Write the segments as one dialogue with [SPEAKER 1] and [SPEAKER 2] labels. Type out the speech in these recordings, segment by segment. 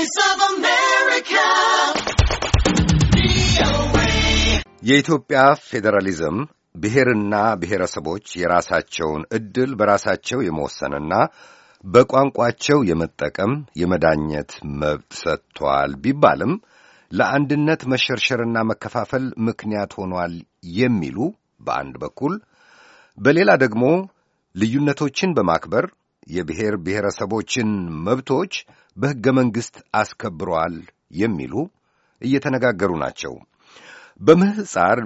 [SPEAKER 1] Voice of America.
[SPEAKER 2] የኢትዮጵያ ፌዴራሊዝም ብሔርና ብሔረሰቦች የራሳቸውን ዕድል በራሳቸው የመወሰንና በቋንቋቸው የመጠቀም የመዳኘት መብት ሰጥቷል ቢባልም ለአንድነት መሸርሸርና መከፋፈል ምክንያት ሆኗል የሚሉ በአንድ በኩል፣ በሌላ ደግሞ ልዩነቶችን በማክበር የብሔር ብሔረሰቦችን መብቶች በሕገ መንግሥት አስከብረዋል የሚሉ እየተነጋገሩ ናቸው። በምህፃር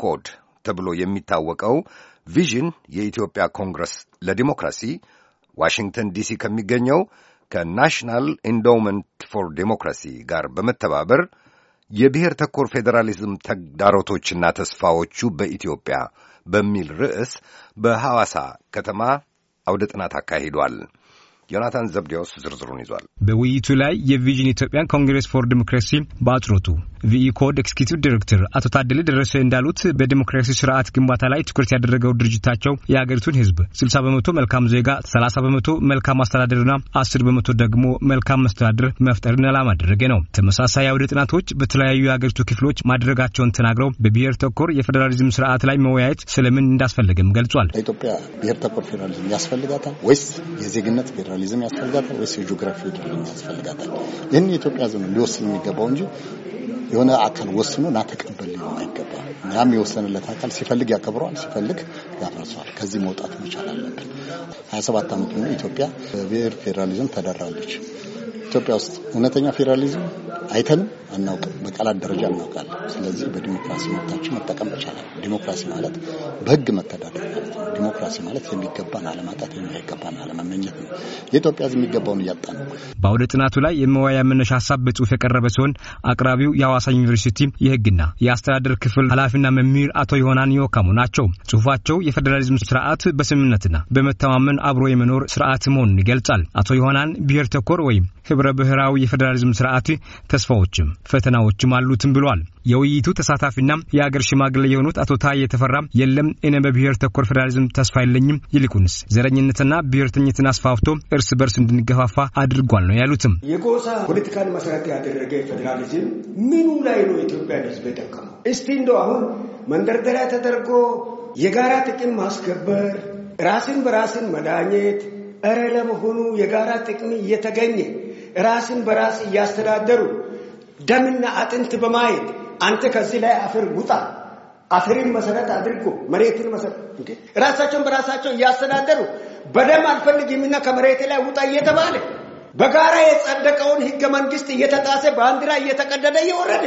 [SPEAKER 2] ኮድ ተብሎ የሚታወቀው ቪዥን የኢትዮጵያ ኮንግረስ ለዲሞክራሲ ዋሽንግተን ዲሲ ከሚገኘው ከናሽናል ኢንዶውመንት ፎር ዴሞክራሲ ጋር በመተባበር የብሔር ተኮር ፌዴራሊዝም ተግዳሮቶችና ተስፋዎቹ በኢትዮጵያ በሚል ርዕስ በሐዋሳ ከተማ አውደ ጥናት አካሂዷል። ዮናታን ዘብዴዎስ ዝርዝሩን ይዟል።
[SPEAKER 3] በውይይቱ ላይ የቪዥን ኢትዮጵያን ኮንግሬስ ፎር ዲሞክራሲ በአጽሮቱ ቪኢኮድ ኤክስኪቲቭ ዲሬክተር አቶ ታደለ ደረሰ እንዳሉት በዲሞክራሲ ስርዓት ግንባታ ላይ ትኩረት ያደረገው ድርጅታቸው የሀገሪቱን ህዝብ 60 በመቶ መልካም ዜጋ፣ 30 በመቶ መልካም አስተዳደርና 10 በመቶ ደግሞ መልካም መስተዳደር መፍጠርን ዓላማ ያደረገ ነው። ተመሳሳይ አውደ ጥናቶች በተለያዩ የሀገሪቱ ክፍሎች ማድረጋቸውን ተናግረው በብሔር ተኮር የፌዴራሊዝም ስርዓት ላይ መወያየት ስለምን እንዳስፈለገም ገልጿል።
[SPEAKER 2] ኢትዮጵያ ብሔር ተኮር ፌዴራሊዝም ያስፈልጋታል ወይስ የዜግነት ፌዴራሊዝም ያስፈልጋታል ወይስ የጂኦግራፊ ያስፈልጋታል? ይህን የኢትዮጵያ ሕዝብ ሊወስን የሚገባው እንጂ የሆነ አካል ወስኖ ና ተቀበል ሊሆን አይገባም። እኛም የወሰንለት አካል ሲፈልግ ያከብረዋል፣ ሲፈልግ ያፈርሰዋል። ከዚህ መውጣት መቻል አለብን። ሀያ ሰባት ዓመት ሙሉ ኢትዮጵያ ብሔር ፌዴራሊዝም ተደራለች። ኢትዮጵያ ውስጥ እውነተኛ ፌዴራሊዝም አይተንም አናውቅም። በቃላት ደረጃ እናውቃለን። ስለዚህ በዲሞክራሲ መብታችን መጠቀም ይቻላል። ዲሞክራሲ ማለት በህግ መተዳደር ማለት ነው። ዲሞክራሲ ማለት የሚገባን አለማጣት፣ የማይገባን አለመመኘት ነው። የኢትዮጵያ ህዝብ የሚገባውን እያጣ ነው።
[SPEAKER 3] በአውደ ጥናቱ ላይ የመወያያ መነሻ ሀሳብ በጽሁፍ የቀረበ ሲሆን አቅራቢው የሐዋሳ ዩኒቨርሲቲ የህግና የአስተዳደር ክፍል ኃላፊና መምህር አቶ ዮሐናን ዮካሙ ናቸው። ጽሁፋቸው የፌዴራሊዝም ስርዓት በስምምነትና በመተማመን አብሮ የመኖር ስርዓት መሆኑን ይገልጻል። አቶ ዮሐናን ብሔር ተኮር ወይም ህብረ ብሔራዊ የፌዴራሊዝም ስርዓት ተስፋዎችም ፈተናዎችም አሉትም ብሏል። የውይይቱ ተሳታፊና የአገር ሽማግሌ የሆኑት አቶ ታዬ የተፈራ የለም እኔ በብሔር ተኮር ፌዴራሊዝም ተስፋ የለኝም፣ ይልቁንስ ዘረኝነትና ብሔርተኝነትን አስፋፍቶ እርስ በርስ እንድንገፋፋ አድርጓል ነው ያሉትም። የጎሳ ፖለቲካን መሰረት ያደረገ ፌዴራሊዝም ምኑ ላይ ነው ኢትዮጵያን ህዝብ የጠቀመው? እስቲ እንደ አሁን መንደርደሪያ ተደርጎ የጋራ ጥቅም ማስከበር፣ ራስን በራስን መዳኘት፣ እረ ለመሆኑ የጋራ ጥቅም እየተገኘ ራስን በራስ እያስተዳደሩ ደምና አጥንት በማየት አንተ ከዚህ ላይ አፈር ውጣ፣ አፈርን መሰረት አድርጎ መሬትን መሰረት ራሳቸውን በራሳቸው እያስተዳደሩ በደም አልፈልግምና ከመሬት ላይ ውጣ እየተባለ በጋራ የጸደቀውን ህገ መንግስት እየተጣሰ ባንዲራ እየተቀደደ እየወረደ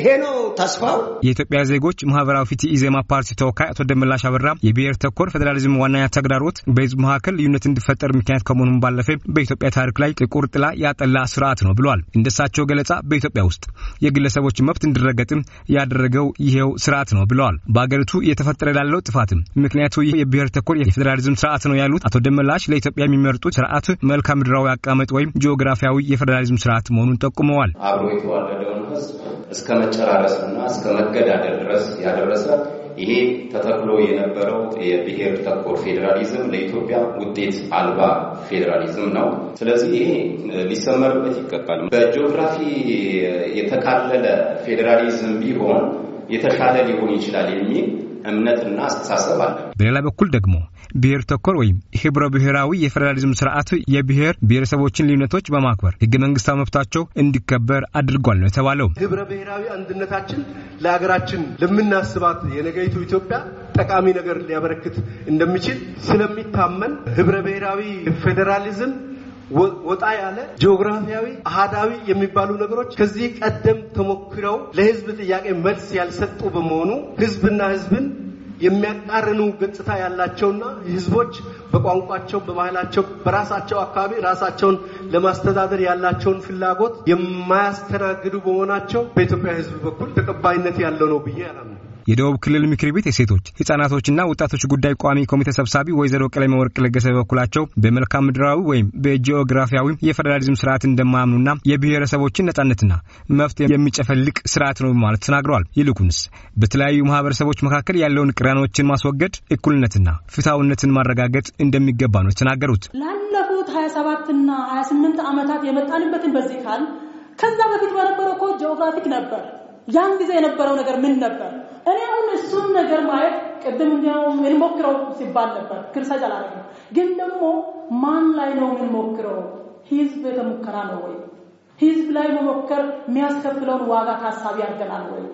[SPEAKER 3] ይሄ ነው ተስፋው። የኢትዮጵያ ዜጎች ማህበራዊ ፍትህ ኢዜማ ፓርቲ ተወካይ አቶ ደመላሽ አበራ የብሔር ተኮር ፌዴራሊዝም ዋናኛ ተግዳሮት በህዝብ መካከል ልዩነት እንዲፈጠር ምክንያት ከመሆኑም ባለፈ በኢትዮጵያ ታሪክ ላይ ጥቁር ጥላ ያጠላ ስርዓት ነው ብለዋል። እንደሳቸው ገለጻ በኢትዮጵያ ውስጥ የግለሰቦች መብት እንዲረገጥም ያደረገው ይሄው ስርዓት ነው ብለዋል። በአገሪቱ እየተፈጠረ ላለው ጥፋትም ምክንያቱ ይህ የብሔር ተኮር የፌዴራሊዝም ስርዓት ነው ያሉት አቶ ደመላሽ ለኢትዮጵያ የሚመርጡት ስርዓት መልካምድራዊ ምድራዊ አቀማመጥ ወይም ጂኦግራፊያዊ የፌዴራሊዝም ስርዓት መሆኑን ጠቁመዋል።
[SPEAKER 2] አብሮ የተዋለደውን ህዝብ እስከ መጨራረስና እስከ መገዳደል ድረስ ያደረሰ ይሄ ተተክሎ የነበረው የብሔር ተኮር ፌዴራሊዝም ለኢትዮጵያ ውጤት አልባ ፌዴራሊዝም ነው። ስለዚህ ይሄ ሊሰመርበት ይገባል። በጂኦግራፊ የተካለለ ፌዴራሊዝም ቢሆን የተሻለ ሊሆን ይችላል የሚል እምነትና አስተሳሰብ አለ።
[SPEAKER 3] በሌላ በኩል ደግሞ ብሔር ተኮር ወይም ህብረ ብሔራዊ የፌዴራሊዝም ስርዓት የብሔር ብሔረሰቦችን ልዩነቶች በማክበር ህገ መንግስታዊ መብታቸው እንዲከበር አድርጓል ነው የተባለው።
[SPEAKER 2] ህብረ ብሔራዊ አንድነታችን ለሀገራችን ለምናስባት የነገይቱ ኢትዮጵያ ጠቃሚ ነገር ሊያበረክት እንደሚችል ስለሚታመን ህብረ ብሔራዊ ፌዴራሊዝም ወጣ ያለ ጂኦግራፊያዊ አህዳዊ የሚባሉ ነገሮች ከዚህ ቀደም ተሞክረው ለህዝብ ጥያቄ መልስ ያልሰጡ በመሆኑ ህዝብና ህዝብን የሚያቃርኑ ገጽታ ያላቸውና ህዝቦች በቋንቋቸው፣ በባህላቸው፣ በራሳቸው አካባቢ ራሳቸውን ለማስተዳደር ያላቸውን ፍላጎት የማያስተናግዱ በመሆናቸው በኢትዮጵያ ህዝብ በኩል ተቀባይነት ያለው ነው ብዬ አላምነው።
[SPEAKER 3] የደቡብ ክልል ምክር ቤት የሴቶች ህጻናቶችና ወጣቶች ጉዳይ ቋሚ ኮሚቴ ሰብሳቢ ወይዘሮ ቀለመ ወርቅ ለገሰ በበኩላቸው በመልካም ምድራዊ ወይም በጂኦግራፊያዊ የፌዴራሊዝም ስርዓት እንደማያምኑና የብሔረሰቦችን ነጻነትና መፍትሄ የሚጨፈልቅ ስርዓት ነው በማለት ተናግረዋል። ይልቁንስ በተለያዩ ማህበረሰቦች መካከል ያለውን ቅራኔዎችን ማስወገድ፣ እኩልነትና ፍትሐዊነትን ማረጋገጥ እንደሚገባ ነው የተናገሩት።
[SPEAKER 1] ላለፉት 27ና 28 ዓመታት የመጣንበትን በዚህ ካል ከዛ በፊት በነበረው እኮ ጂኦግራፊክ ነበር። ያን ጊዜ የነበረው ነገር ምን ነበር? እኔ አሁን እሱን ነገር ማየት ቅድም እንሞክረው ሲባል ነበር። ክርሳጅ አላደረግም። ግን ደግሞ ማን ላይ ነው የምንሞክረው? ህዝብ የተሞከራ ነው ወይ? ህዝብ ላይ መሞከር የሚያስከፍለውን ዋጋ ታሳቢ ያደርጋል ወይ?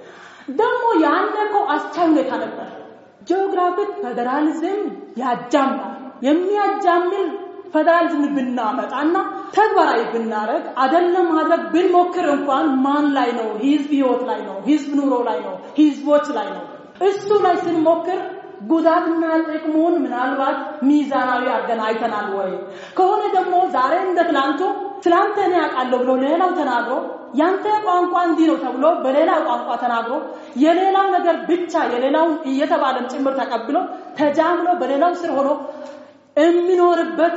[SPEAKER 1] ደግሞ ያነቀው አስቻይ ሁኔታ ነበር። ጂኦግራፊክ ፌደራሊዝም ያጃምል የሚያጃምል ፌደራሊዝም ብናመጣና ተግባራዊ ብናረግ አይደለም ማድረግ ብንሞክር እንኳን ማን ላይ ነው? ህዝብ ህይወት ላይ ነው፣ ህዝብ ኑሮ ላይ ነው፣ ህዝቦች ላይ ነው። እሱ ላይ ስንሞክር ጉዳትና ጥቅሙን ምናልባት ሚዛናዊ አድርገን አይተናል ወይ? ከሆነ ደግሞ ዛሬ እንደ ትላንቱ ትላንተ እኔ አውቃለሁ ብሎ ሌላው ተናግሮ ያንተ ቋንቋ እንዲህ ነው ተብሎ በሌላ ቋንቋ ተናግሮ የሌላው ነገር ብቻ የሌላውን እየተባለም ጭምር ተቀብሎ ተጃምሎ በሌላው ስር ሆኖ የሚኖርበት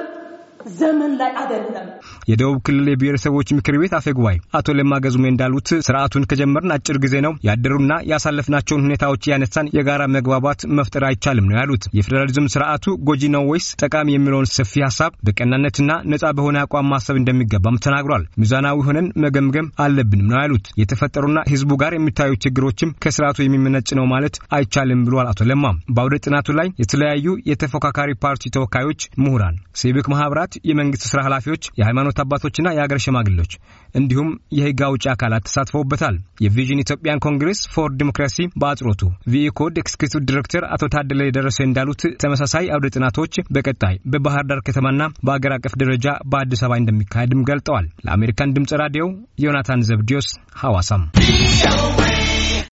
[SPEAKER 1] ዘመን ላይ አደለም።
[SPEAKER 3] የደቡብ ክልል የብሔረሰቦች ምክር ቤት አፈ ጉባኤ አቶ ለማ ገዙሜ እንዳሉት ስርዓቱን ከጀመርን አጭር ጊዜ ነው ያደሩና ያሳለፍናቸውን ሁኔታዎች ያነሳን የጋራ መግባባት መፍጠር አይቻልም ነው ያሉት። የፌዴራሊዝም ስርዓቱ ጎጂ ነው ወይስ ጠቃሚ የሚለውን ሰፊ ሀሳብ በቀናነትና ነጻ በሆነ አቋም ማሰብ እንደሚገባም ተናግሯል። ሚዛናዊ ሆነን መገምገም አለብንም ነው ያሉት። የተፈጠሩና ህዝቡ ጋር የሚታዩ ችግሮችም ከስርዓቱ የሚመነጭ ነው ማለት አይቻልም ብሏል አቶ ለማ። በአውደ ጥናቱ ላይ የተለያዩ የተፎካካሪ ፓርቲ ተወካዮች፣ ምሁራን፣ ሲቪክ ማህበራት አባላት፣ የመንግስት ስራ ኃላፊዎች፣ የሃይማኖት አባቶችና የሀገር ሽማግሌዎች እንዲሁም የህግ አውጪ አካላት ተሳትፈውበታል። የቪዥን ኢትዮጵያን ኮንግሬስ ፎር ዲሞክራሲ በአጽሮቱ ቪኢኮድ ኤክስኪቲቭ ዲሬክተር አቶ ታደለ የደረሰ እንዳሉት ተመሳሳይ አውደ ጥናቶች በቀጣይ በባህር ዳር ከተማና በአገር አቀፍ ደረጃ በአዲስ አበባ እንደሚካሄድም ገልጠዋል። ለአሜሪካን ድምጽ ራዲዮ ዮናታን ዘብዲዮስ ሐዋሳም